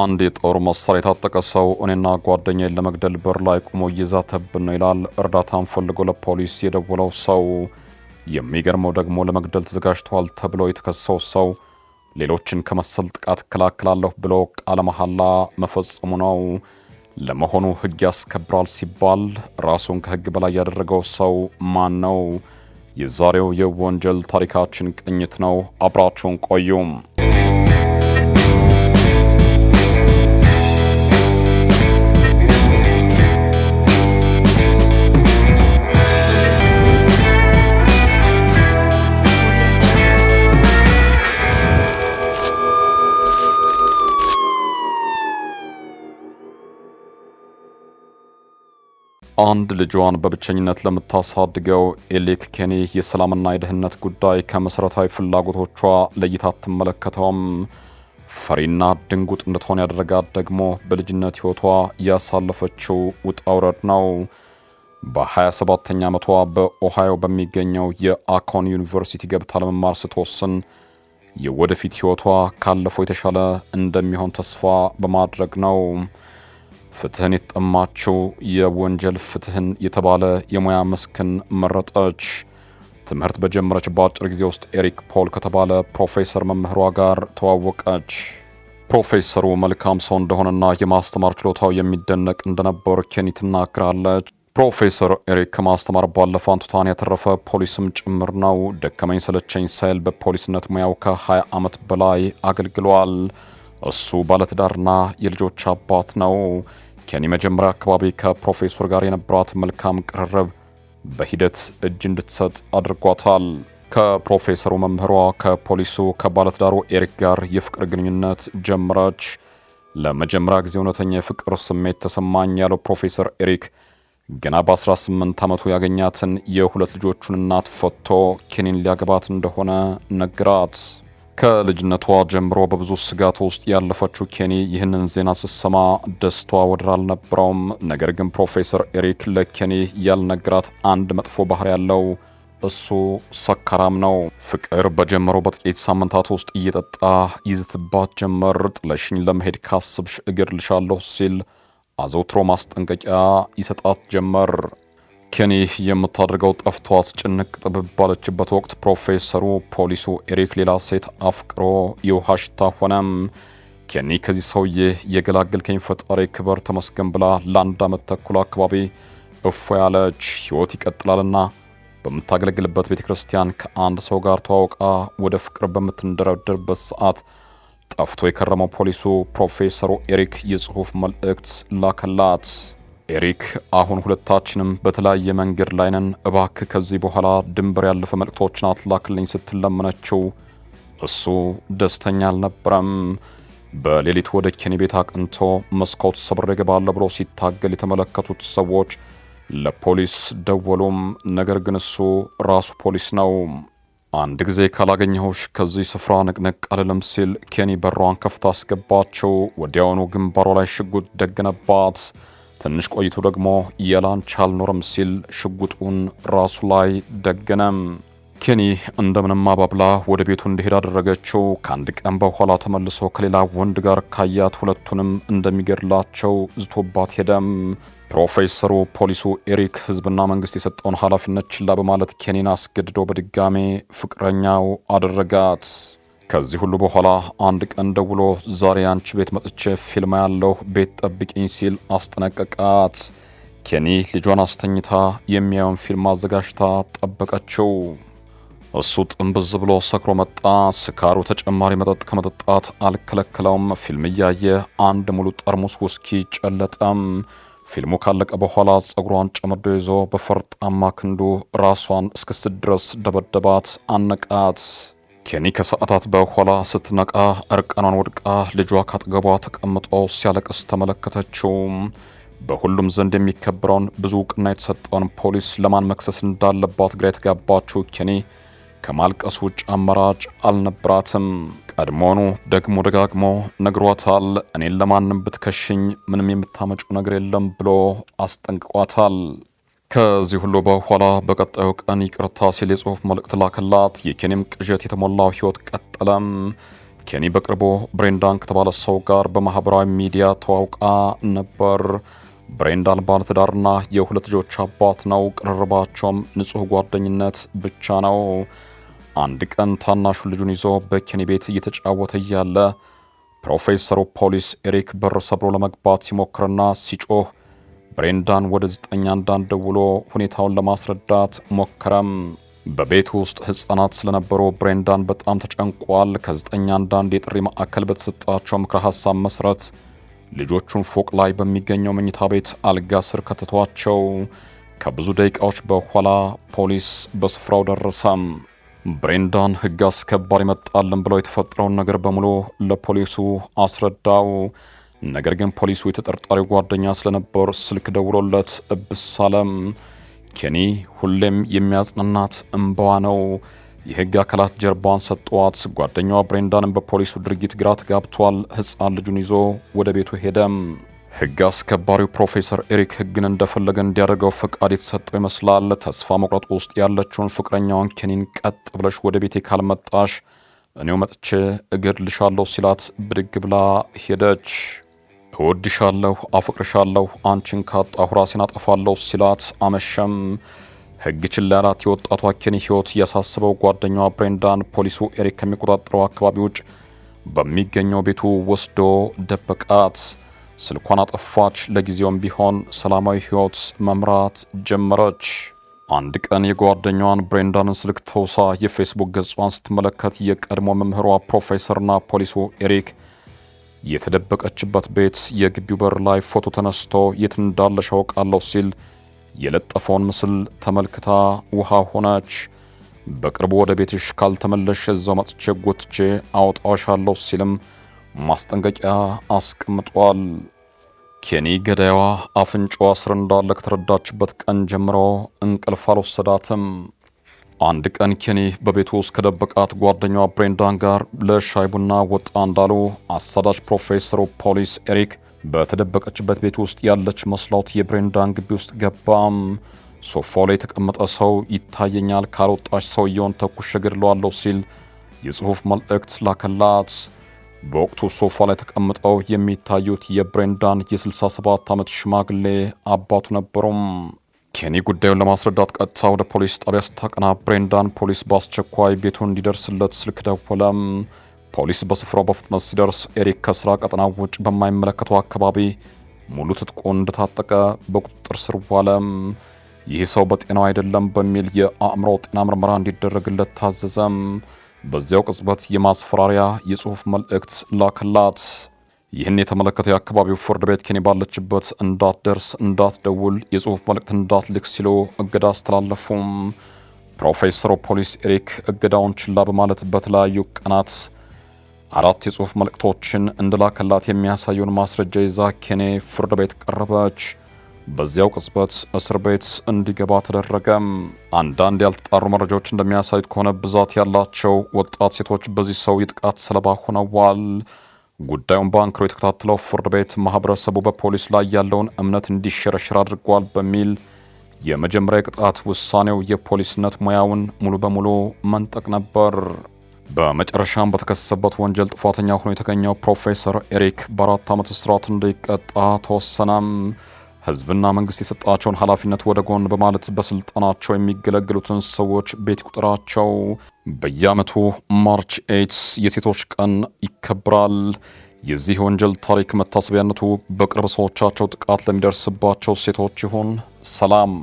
አንድ የጦር መሳሪያ የታጠቀ ሰው እኔና ጓደኛዬን ለመግደል በር ላይ ቆሞ እየዛተብን ነው ይላል። እርዳታን ፈልጎ ለፖሊስ የደወለው ሰው። የሚገርመው ደግሞ ለመግደል ተዘጋጅተዋል ተብሎ የተከሰው ሰው ሌሎችን ከመሰል ጥቃት እከላከላለሁ ብሎ ቃለ መሐላ መፈጸሙ ነው። ለመሆኑ ሕግ ያስከብራል ሲባል ራሱን ከሕግ በላይ ያደረገው ሰው ማን ነው? የዛሬው የወንጀል ታሪካችን ቅኝት ነው። አብራችሁን ቆዩም አንድ ልጇን በብቸኝነት ለምታሳድገው ኤሌክ ኬኒ የሰላምና የደህንነት ጉዳይ ከመሠረታዊ ፍላጎቶቿ ለይታ አትመለከተውም። ፈሪና ድንጉጥ እንድትሆን ያደረጋት ደግሞ በልጅነት ሕይወቷ ያሳለፈችው ውጣ ውረድ ነው። በ27ኛ ዓመቷ በኦሃዮ በሚገኘው የአኮን ዩኒቨርሲቲ ገብታ ለመማር ስትወስን የወደፊት ሕይወቷ ካለፈው የተሻለ እንደሚሆን ተስፋ በማድረግ ነው። ፍትህን የተጠማችው የወንጀል ፍትህን የተባለ የሙያ መስክን መረጠች። ትምህርት በጀመረች በአጭር ጊዜ ውስጥ ኤሪክ ፖል ከተባለ ፕሮፌሰር መምህሯ ጋር ተዋወቀች። ፕሮፌሰሩ መልካም ሰው እንደሆነና የማስተማር ችሎታው የሚደነቅ እንደነበር ኬኒ ትናገራለች። ፕሮፌሰር ኤሪክ ከማስተማር ባለፈ አንቱታን ያተረፈ ፖሊስም ጭምር ነው። ደከመኝ ሰለቸኝ ሳይል በፖሊስነት ሙያው ከ20 ዓመት በላይ አገልግሏል። እሱ ባለትዳርና የልጆች አባት ነው። ኬኒ መጀመሪያ አካባቢ ከፕሮፌሰር ጋር የነበራት መልካም ቅርርብ በሂደት እጅ እንድትሰጥ አድርጓታል። ከፕሮፌሰሩ መምህሯ፣ ከፖሊሱ፣ ከባለትዳሩ ኤሪክ ጋር የፍቅር ግንኙነት ጀምራች። ለመጀመሪያ ጊዜ እውነተኛ የፍቅር ስሜት ተሰማኝ ያለው ፕሮፌሰር ኤሪክ ገና በ18 ዓመቱ ያገኛትን የሁለት ልጆቹን እናት ፈቶ ኬኒን ሊያገባት እንደሆነ ነግራት ከልጅነቷ ጀምሮ በብዙ ስጋት ውስጥ ያለፈችው ኬኒ ይህንን ዜና ስትሰማ ደስቷ ወደር አልነበረውም። ነገር ግን ፕሮፌሰር ኤሪክ ለኬኒ ያልነገራት አንድ መጥፎ ባህሪ ያለው እሱ ሰካራም ነው። ፍቅር በጀመረው በጥቂት ሳምንታት ውስጥ እየጠጣ ይዝትባት ጀመር። ጥለሽኝ ለመሄድ ካስብሽ እገድልሻለሁ ሲል አዘውትሮ ማስጠንቀቂያ ይሰጣት ጀመር። ኬኒ የምታደርገው ጠፍቷት ጭንቅ ጥብብ ባለችበት ወቅት ፕሮፌሰሩ ፖሊሱ ኤሪክ ሌላ ሴት አፍቅሮ የውሃ ሽታ ሆነም። ኬኒ ከዚህ ሰውዬ የገላገልከኝ ፈጣሪ ክበር ተመስገን ብላ ለአንድ ዓመት ተኩል አካባቢ እፎ ያለች ሕይወት ይቀጥላልና በምታገለግልበት ቤተ ክርስቲያን ከአንድ ሰው ጋር ተዋውቃ ወደ ፍቅር በምትንደረድርበት ሰዓት ጠፍቶ የከረመው ፖሊሱ ፕሮፌሰሩ ኤሪክ የጽሑፍ መልእክት ላከላት። ኤሪክ አሁን ሁለታችንም በተለያየ መንገድ ላይ ነን፣ እባክህ ከዚህ በኋላ ድንበር ያለፈ መልእክቶችን አትላክልኝ ስትል ለመነችው። እሱ ደስተኛ አልነበረም። በሌሊት ወደ ኬኒ ቤት አቅንቶ መስኮት ሰብሬ እገባለሁ ብሎ ሲታገል የተመለከቱት ሰዎች ለፖሊስ ደወሉም። ነገር ግን እሱ ራሱ ፖሊስ ነው። አንድ ጊዜ ካላገኘሁሽ ከዚህ ስፍራ ንቅንቅ አልልም ሲል ኬኒ በሯን ከፍታ አስገባቸው። ወዲያውኑ ግንባሯ ላይ ሽጉጥ ደገነባት። ትንሽ ቆይቶ ደግሞ የላንች አልኖረም ሲል ሽጉጡን ራሱ ላይ ደገነም። ኬኒ እንደምንም አባብላ ወደ ቤቱ እንዲሄድ አደረገችው። ከአንድ ቀን በኋላ ተመልሶ ከሌላ ወንድ ጋር ካያት ሁለቱንም እንደሚገድላቸው ዝቶባት ሄደም። ፕሮፌሰሩ ፖሊሱ ኤሪክ ህዝብና መንግስት የሰጠውን ኃላፊነት ችላ በማለት ኬኒን አስገድዶ በድጋሜ ፍቅረኛው አደረጋት። ከዚህ ሁሉ በኋላ አንድ ቀን ደውሎ ዛሬ አንቺ ቤት መጥቼ ፊልም ያለው ቤት ጠብቂኝ ሲል አስጠነቀቃት። ኬኒ ልጇን አስተኝታ የሚያየውን ፊልም አዘጋጅታ ጠበቀችው። እሱ ጥንብዝ ብሎ ሰክሮ መጣ። ስካሩ ተጨማሪ መጠጥ ከመጠጣት አልከለከለውም። ፊልም እያየ አንድ ሙሉ ጠርሙስ ውስኪ ጨለጠም። ፊልሙ ካለቀ በኋላ ጸጉሯን ጨምዶ ይዞ በፈርጣማ ክንዱ ራሷን እስክስት ድረስ ደበደባት፣ አነቃት። ኬኒ ከሰዓታት በኋላ ስትነቃ እርቃኗን ወድቃ ልጇ ካጠገቧ ተቀምጦ ሲያለቅስ ተመለከተችው። በሁሉም ዘንድ የሚከበረውን ብዙ እውቅና የተሰጠውን ፖሊስ ለማን መክሰስ እንዳለባት ግራ የተጋባችው ኬኒ ከማልቀስ ውጭ አማራጭ አልነበራትም። ቀድሞኑ ደግሞ ደጋግሞ ነግሯታል። እኔን ለማንም ብትከሽኝ ምንም የምታመጩ ነገር የለም ብሎ አስጠንቅቋታል። ከዚህ ሁሉ በኋላ በቀጣዩ ቀን ይቅርታ ሲል የጽሑፍ መልእክት ላከላት። የኬኒም ቅዠት የተሞላው ሕይወት ቀጠለም። ኬኒ በቅርቡ ብሬንዳን ከተባለ ሰው ጋር በማህበራዊ ሚዲያ ተዋውቃ ነበር። ብሬንዳን ባለትዳርና የሁለት ልጆች አባት ነው። ቅርርባቸውም ንጹሕ ጓደኝነት ብቻ ነው። አንድ ቀን ታናሹን ልጁን ይዞ በኬኒ ቤት እየተጫወተ እያለ ፕሮፌሰሩ ፖሊስ ኤሪክ በር ሰብሮ ለመግባት ሲሞክርና ሲጮህ ብሬንዳን ወደ 911 ደውሎ ሁኔታውን ለማስረዳት ሞከረም። በቤት ውስጥ ህጻናት ስለነበሩ ብሬንዳን በጣም ተጨንቋል። ከ911 የጥሪ ማዕከል በተሰጣቸው ምክረ ሐሳብ መሰረት ልጆቹን ፎቅ ላይ በሚገኘው መኝታ ቤት አልጋ ስር ከተቷቸው። ከብዙ ደቂቃዎች በኋላ ፖሊስ በስፍራው ደረሰም። ብሬንዳን ህግ አስከባሪ መጣልን ብለው የተፈጠረውን ነገር በሙሉ ለፖሊሱ አስረዳው። ነገር ግን ፖሊሱ የተጠርጣሪው ጓደኛ ስለነበር ስልክ ደውሎለት እብሳለም ኬኒ ሁሌም የሚያጽናናት እምባዋ ነው። የህግ አካላት ጀርባዋን ሰጠዋት ጓደኛዋ ብሬንዳን በፖሊሱ ድርጊት ግራ ተጋብቷል። ህፃን ልጁን ይዞ ወደ ቤቱ ሄደም። ህግ አስከባሪው ፕሮፌሰር ኤሪክ ህግን እንደፈለገ እንዲያደርገው ፈቃድ የተሰጠው ይመስላል። ተስፋ መቁረጥ ውስጥ ያለችውን ፍቅረኛዋን ኬኒን ቀጥ ብለሽ ወደ ቤቴ ካልመጣሽ እኔው መጥቼ እገድልሻለሁ ሲላት ብድግ ብላ ሄደች። እወድሻለሁ፣ አፍቅርሻለሁ፣ አንቺን ካጣሁ ራሴን አጠፋለሁ ሲላት አመሸም። ህግ ችላ ያላት የወጣቷ ኬኒ ህይወት ያሳስበው ጓደኛዋ ብሬንዳን ፖሊሱ ኤሪክ ከሚቆጣጠረው አካባቢ ውጭ በሚገኘው ቤቱ ወስዶ ደበቃት። ስልኳን አጠፋች። ለጊዜውም ቢሆን ሰላማዊ ሕይወት መምራት ጀመረች። አንድ ቀን የጓደኛዋን ብሬንዳንን ስልክ ተውሳ የፌስቡክ ገጿን ስትመለከት የቀድሞ መምህሯ ፕሮፌሰርና ፖሊሱ ኤሪክ የተደበቀችበት ቤት የግቢው በር ላይ ፎቶ ተነስቶ የት እንዳለሽ አውቃለሁ ሲል የለጠፈውን ምስል ተመልክታ ውሃ ሆነች። በቅርቡ ወደ ቤትሽ ካልተመለሽ እዛው መጥቼ ጎትቼ አውጣዋሻለሁ ሲልም ማስጠንቀቂያ አስቀምጧል። ኬኒ ገዳይዋ አፍንጫዋ ስር እንዳለ ከተረዳችበት ቀን ጀምሮ እንቅልፍ አልወሰዳትም። አንድ ቀን ኬኒ በቤቱ ውስጥ ከደበቃት ጓደኛዋ ብሬንዳን ጋር ለሻይ ቡና ወጣ እንዳሉ አሳዳጅ ፕሮፌሰሩ ፖሊስ ኤሪክ በተደበቀችበት ቤት ውስጥ ያለች መስላውት የብሬንዳን ግቢ ውስጥ ገባም። ሶፋው ላይ የተቀመጠ ሰው ይታየኛል፣ ካልወጣች ሰውየውን ተኩሼ እገድለዋለሁ ሲል የጽሑፍ መልእክት ላከላት። በወቅቱ ሶፋ ላይ ተቀምጠው የሚታዩት የብሬንዳን የ67 ዓመት ሽማግሌ አባቱ ነበሩም። ኬኒ ጉዳዩን ለማስረዳት ቀጥታ ወደ ፖሊስ ጣቢያ ስታቀና ብሬንዳን ፖሊስ በአስቸኳይ ቤቱ እንዲደርስለት ስልክ ደወለ። ፖሊስ በስፍራው በፍጥነት ሲደርስ ኤሪክ ከስራ ቀጠና ውጭ በማይመለከተው አካባቢ ሙሉ ትጥቁን እንደታጠቀ በቁጥጥር ስር ዋለ። ይህ ሰው በጤናው አይደለም በሚል የአእምሮ ጤና ምርመራ እንዲደረግለት ታዘዘም በዚያው ቅጽበት የማስፈራሪያ የጽሑፍ መልእክት ላከላት። ይህን የተመለከተው የአካባቢው ፍርድ ቤት ኬኒ ባለችበት እንዳትደርስ፣ እንዳትደውል፣ የጽሁፍ መልእክት እንዳትልክ ሲሉ እገዳ አስተላለፉም። ፕሮፌሰሩ ፖሊስ ኤሪክ እገዳውን ችላ በማለት በተለያዩ ቀናት አራት የጽሁፍ መልእክቶችን እንደላከላት የሚያሳየውን ማስረጃ ይዛ ኬኔ ፍርድ ቤት ቀረበች። በዚያው ቅጽበት እስር ቤት እንዲገባ ተደረገም። አንዳንድ ያልተጣሩ መረጃዎች እንደሚያሳዩት ከሆነ ብዛት ያላቸው ወጣት ሴቶች በዚህ ሰው የጥቃት ሰለባ ሆነዋል። ጉዳዩን በአንክሮ የተከታተለው ፍርድ ቤት ማህበረሰቡ በፖሊስ ላይ ያለውን እምነት እንዲሸረሸር አድርጓል በሚል የመጀመሪያ የቅጣት ውሳኔው የፖሊስነት ሙያውን ሙሉ በሙሉ መንጠቅ ነበር። በመጨረሻም በተከሰሰበት ወንጀል ጥፋተኛ ሆኖ የተገኘው ፕሮፌሰር ኤሪክ በአራት ዓመት እስራት እንዲቀጣ ተወሰነም። ህዝብና መንግስት የሰጣቸውን ኃላፊነት ወደ ጎን በማለት በስልጠናቸው የሚገለገሉትን ሰዎች ቤት ቁጥራቸው በየዓመቱ ማርች ኤትስ የሴቶች ቀን ይከብራል። የዚህ ወንጀል ታሪክ መታሰቢያነቱ በቅርብ ሰዎቻቸው ጥቃት ለሚደርስባቸው ሴቶች ይሆን? ሰላም